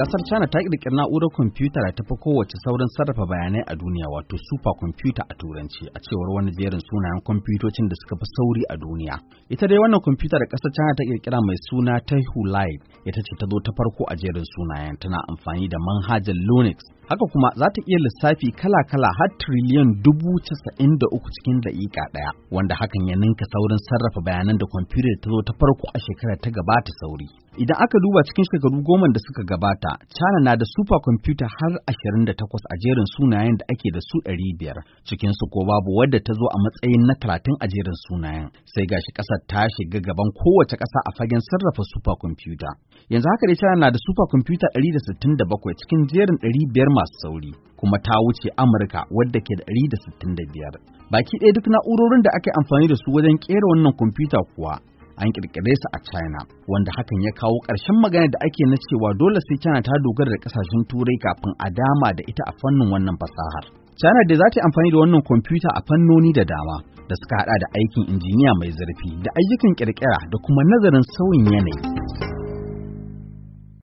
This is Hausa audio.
Kasar China ta kirkiri na'urar kwamfuta da tafi kowace saurin sarrafa bayanai a duniya wato super Computer a turanci a cewar wani jerin sunayen kwamfutocin da suka fi sauri a duniya. Ita dai wannan kwamfuta da kasar China ta kirkira mai suna ta hulai ita ce ta zo ta farko a jerin sunayen tana amfani da manhajar Linux. Haka kuma za ta iya lissafi kala-kala har tiriliyan dubu casa'in da uku cikin da'iƙa ɗaya wanda hakan ya ninka saurin sarrafa bayanan da kwamfutar ta zo ta farko a shekarar ta gabata sauri. Idan aka duba cikin shekaru goma da suka gabata, China na da supercomputer har 28 a jerin sunayen da ake da su 500, cikinsu ko babu wadda ta zo a matsayin na 30 a jerin sunayen. Sai gashi ƙasar ta shiga gaban kowace ƙasa a fagen sarrafa supercomputer. Yanzu haka dai China na da supercomputer 167 cikin jerin 500 masu sauri, kuma ta wuce Amurka wadda ke da 165. Baki ɗaya duk na'urorin da ake amfani da su wajen kera wannan kwamfuta kuwa an kirkire su a China wanda hakan ya kawo ƙarshen magana da ake na cewa dole sai China ta dogara da ƙasashen turai kafin a dama da ita a fannin wannan fasahar. China da za ta yi amfani da wannan kwamfuta a fannoni da dama da suka hada da aikin injiniya mai zurfi da ayyukan kirkira da kuma nazarin sauyin yanayi.